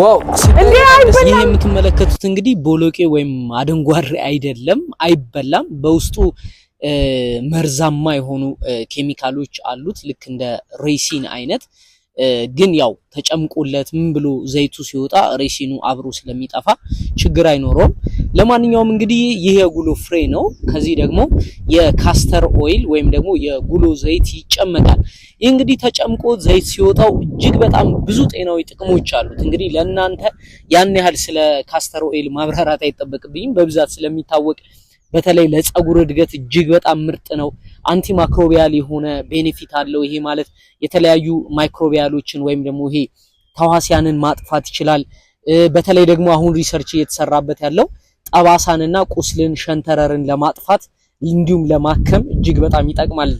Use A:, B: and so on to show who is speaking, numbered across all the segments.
A: ዋው
B: ይህ
A: የምትመለከቱት እንግዲህ
B: ቦሎቄ ወይም አደንጓሬ አይደለም፣
A: አይበላም። በውስጡ መርዛማ የሆኑ
B: ኬሚካሎች አሉት ልክ እንደ ሬሲን
A: አይነት ግን
B: ያው ተጨምቆለት ምን ብሎ ዘይቱ
A: ሲወጣ ሬሲኑ
B: አብሮ ስለሚጠፋ ችግር አይኖረውም።
A: ለማንኛውም እንግዲህ ይህ የጉሎ ፍሬ ነው። ከዚህ ደግሞ የካስተር ኦይል
B: ወይም ደግሞ የጉሎ ዘይት
A: ይጨመቃል። ይህ እንግዲህ
B: ተጨምቆ ዘይት ሲወጣው እጅግ በጣም ብዙ ጤናዊ
A: ጥቅሞች አሉት። እንግዲህ ለእናንተ ያን ያህል ስለ ካስተር ኦይል ማብራራት አይጠበቅብኝም በብዛት ስለሚታወቅ
B: በተለይ ለፀጉር እድገት እጅግ በጣም ምርጥ ነው። አንቲ የሆነ ቤኔፊት አለው። ይሄ
A: ማለት የተለያዩ
B: ማይክሮቢያሎችን ወይም ደግሞ ይሄ
A: ተዋሲያንን ማጥፋት ይችላል። በተለይ ደግሞ አሁን
B: ሪሰርች እየተሰራበት ያለው
A: ጠባሳንና ቁስልን ሸንተረርን ለማጥፋት እንዲሁም ለማከም እጅግ በጣም ይጠቅማል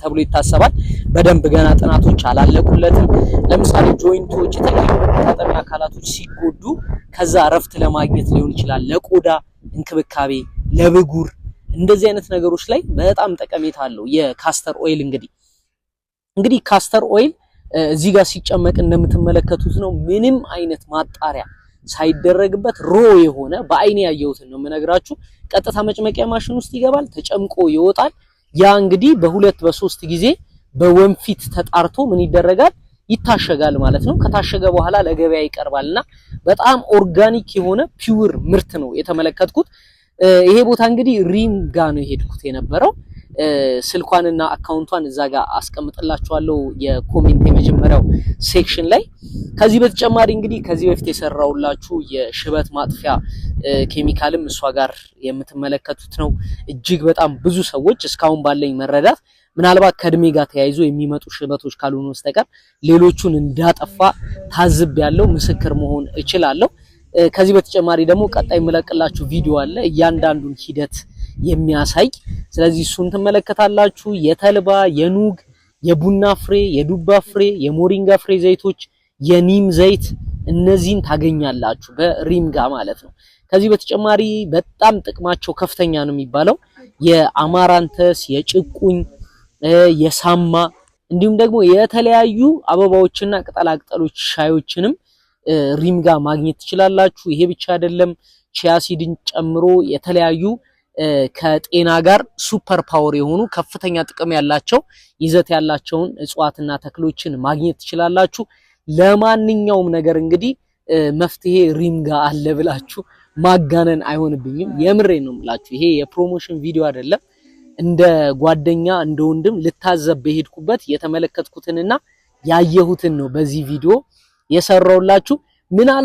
A: ተብሎ ይታሰባል። በደንብ ገና
B: ጥናቶች አላለቁለትም። ለምሳሌ ጆይንቶች፣
A: የተለያዩ መጣጠሚ አካላቶች ሲጎዱ ከዛ
B: እረፍት ለማግኘት ሊሆን ይችላል።
A: ለቆዳ እንክብካቤ፣ ለብጉር እንደዚህ አይነት ነገሮች ላይ በጣም
B: ጠቀሜታ አለው
A: የካስተር ኦይል።
B: እንግዲህ እንግዲህ ካስተር ኦይል
A: እዚህ ጋር ሲጨመቅ እንደምትመለከቱት ነው።
B: ምንም አይነት
A: ማጣሪያ ሳይደረግበት ሮ የሆነ
B: በአይኔ ያየሁትን ነው የምነግራችሁ። ቀጥታ
A: መጭመቂያ ማሽን ውስጥ
B: ይገባል፣ ተጨምቆ ይወጣል። ያ እንግዲህ በሁለት በሶስት ጊዜ በወንፊት ተጣርቶ ምን ይደረጋል ይታሸጋል ማለት ነው።
A: ከታሸገ በኋላ ለገበያ ይቀርባል
B: እና በጣም ኦርጋኒክ የሆነ
A: ፒውር ምርት ነው የተመለከትኩት። ይሄ ቦታ እንግዲህ ጋ ነው የሄድኩት የነበረው ስልኳንና አካውንቷን እዛ ጋር አስቀምጥላችኋለሁ የኮሜንት የመጀመሪያው ሴክሽን ላይ። ከዚህ በተጨማሪ እንግዲህ ከዚህ
B: በፊት የሰራውላችሁ የሽበት ማጥፊያ ኬሚካልም እሷ
A: ጋር የምትመለከቱት ነው። እጅግ በጣም ብዙ
B: ሰዎች እስካሁን ባለኝ መረዳት ምናልባት ከእድሜ ጋር ተያይዞ
A: የሚመጡ ሽበቶች ካልሆኑ በስተቀር
B: ሌሎቹን እንዳጠፋ
A: ታዝብ ያለው ምስክር መሆን እችላለሁ። ከዚህ በተጨማሪ ደግሞ ቀጣይ የምለቅላችሁ ቪዲዮ አለ እያንዳንዱን ሂደት የሚያሳይ ስለዚህ እሱን ትመለከታላችሁ።
B: የተልባ የኑግ የቡና ፍሬ የዱባ
A: ፍሬ የሞሪንጋ ፍሬ ዘይቶች
B: የኒም ዘይት
A: እነዚህን ታገኛላችሁ
B: በሪምጋ ማለት ነው። ከዚህ በተጨማሪ በጣም ጥቅማቸው ከፍተኛ ነው የሚባለው የአማራንተስ
A: የጭቁኝ የሳማ እንዲሁም
B: ደግሞ የተለያዩ አበባዎችና ቅጠላቅጠሎች
A: ሻዮችንም ሪምጋ ማግኘት ትችላላችሁ። ይሄ ብቻ አይደለም ቺያሲድን ጨምሮ የተለያዩ
B: ከጤና ጋር
A: ሱፐር ፓወር የሆኑ ከፍተኛ ጥቅም ያላቸው ይዘት
B: ያላቸውን እጽዋትና ተክሎችን ማግኘት ትችላላችሁ። ለማንኛውም ነገር
A: እንግዲህ መፍትሄ ሪምጋ አለ ብላችሁ ማጋነን አይሆንብኝም። የምሬ ነው የምላችሁ። ይሄ የፕሮሞሽን
B: ቪዲዮ አይደለም። እንደ ጓደኛ እንደ
A: ወንድም ልታዘብ በሄድኩበት
B: የተመለከትኩትንና
A: ያየሁትን ነው በዚህ
B: ቪዲዮ የሰራውላችሁ
A: ምናልባት